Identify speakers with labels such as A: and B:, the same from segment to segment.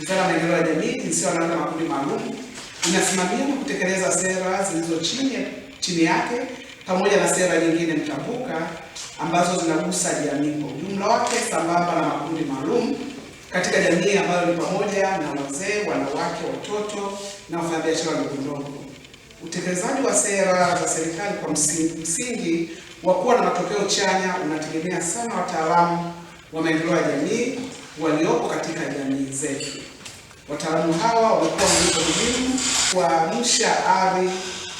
A: Wizara ya Maendeleo ya Jamii, Jinsia, Wanawake na Makundi Maalum inasimamia na kutekeleza sera zilizo chini chini yake pamoja na sera nyingine mtambuka ambazo zinagusa jamii kwa ujumla wake sambamba na makundi maalum katika jamii ambayo ni pamoja na wazee, wanawake, watoto na wafanyabiashara ndogondogo. Utekelezaji wa sera za serikali kwa msingi wa kuwa na matokeo chanya unategemea sana wataalamu wa maendeleo ya jamii waliopo katika jamii zetu. Wataalamu hawa wamekuwa nguzo muhimu kuamsha ari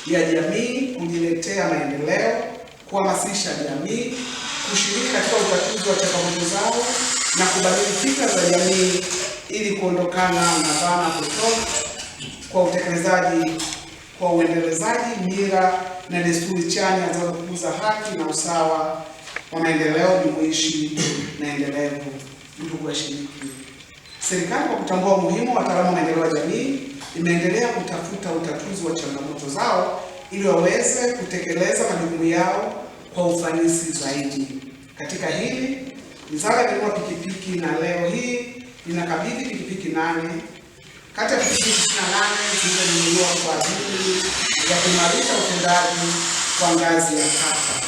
A: ya jamii kujiletea maendeleo, kuhamasisha jamii kushiriki katika utatuzi wa changamoto zao na kubadili fikra za jamii ili kuondokana na dhana potofu kwa utekelezaji kwa uendelezaji mira na desturi chanya za kukuza haki na usawa wa maendeleo jumuishi na endelevu ndugu washiriki, serikali kwa kutambua umuhimu wa wataalamu wa maendeleo ya jamii imeendelea kutafuta utatuzi wa changamoto zao ili waweze kutekeleza majukumu yao kwa ufanisi zaidi. Katika hili, Wizara ya pikipiki na leo hii inakabidhi pikipiki nane kati ya pikipiki ishirini na nane zilizonunuliwa kwa ajili ya kuimarisha utendaji kwa ngazi ya kata.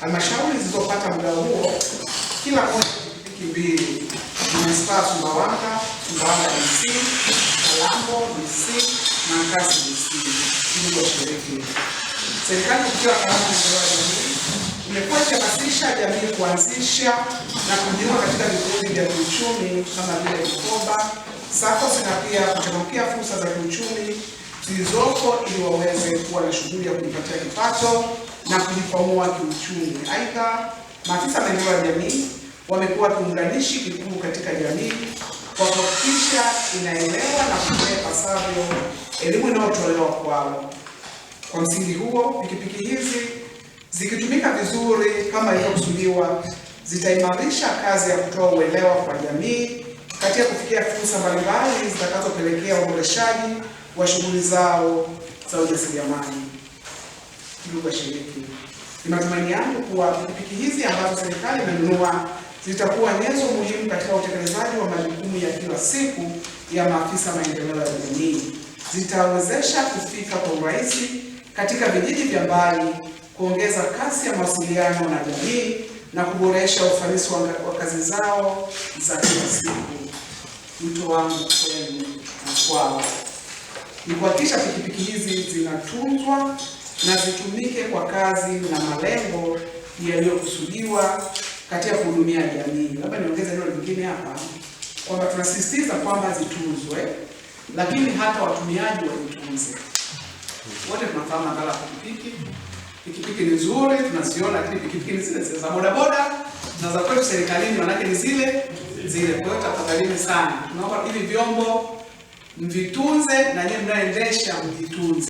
A: Halmashauri zilizopata muda huo kila moja kimbili Manispaa Sumbawanga, Sumbawanga DC, Kalambo DC na Nkasi DC. Ndugu washiriki, serikali kupitia Karama Maendeleo ya Jamii imekuwa ikihamasisha jamii kuanzisha na kujiunga katika vikundi vya kiuchumi kama vile mikoba, SACCOS na pia kuchangamkia fursa za kiuchumi zilizoko ili waweze kuwa na shughuli ya kujipatia kipato na kujikwamua kiuchumi. Aidha, maafisa maendeleo ya jamii wamekuwa kiunganishi kikuu katika jamii kwa kuhakikisha inaelewa na kutoa ipasavyo elimu inayotolewa kwao. Kwa msingi huo, pikipiki hizi zikitumika vizuri kama ilivyokusudiwa, zitaimarisha kazi ya kutoa uelewa kwa jamii katika kufikia fursa mbalimbali zitakazopelekea uboreshaji wa shughuli zao za ujasiriamali. Ndugu washiriki, ni matumaini yangu kuwa pikipiki hizi ambazo serikali imenunua zitakuwa nyenzo muhimu katika utekelezaji wa majukumu ya kila siku ya maafisa maendeleo ya jamii. Zitawezesha kufika kwa urahisi katika vijiji vya mbali, kuongeza kasi ya mawasiliano na jamii na kuboresha ufanisi wa kazi zao za kila siku. Mtu wangu kwenu na kwao ni kuhakikisha pikipiki hizi zinatunzwa na zitumike kwa kazi na malengo yaliyokusudiwa katika kuhudumia jamii. Labda niongeze neno lingine hapa kwamba tunasisitiza kwamba zitunzwe, lakini hata watumiaji wajitunze. Wote tunafahamu madhara ya pikipiki. Pikipiki ni nzuri, tunaziona, lakini pikipiki ni zile zile za bodaboda na za kwetu serikalini, maanake ni zile zile. Kwa hiyo tafadhalini sana, tunaomba hivi vyombo mvitunze, na nyinyi mnaendesha mvitunze.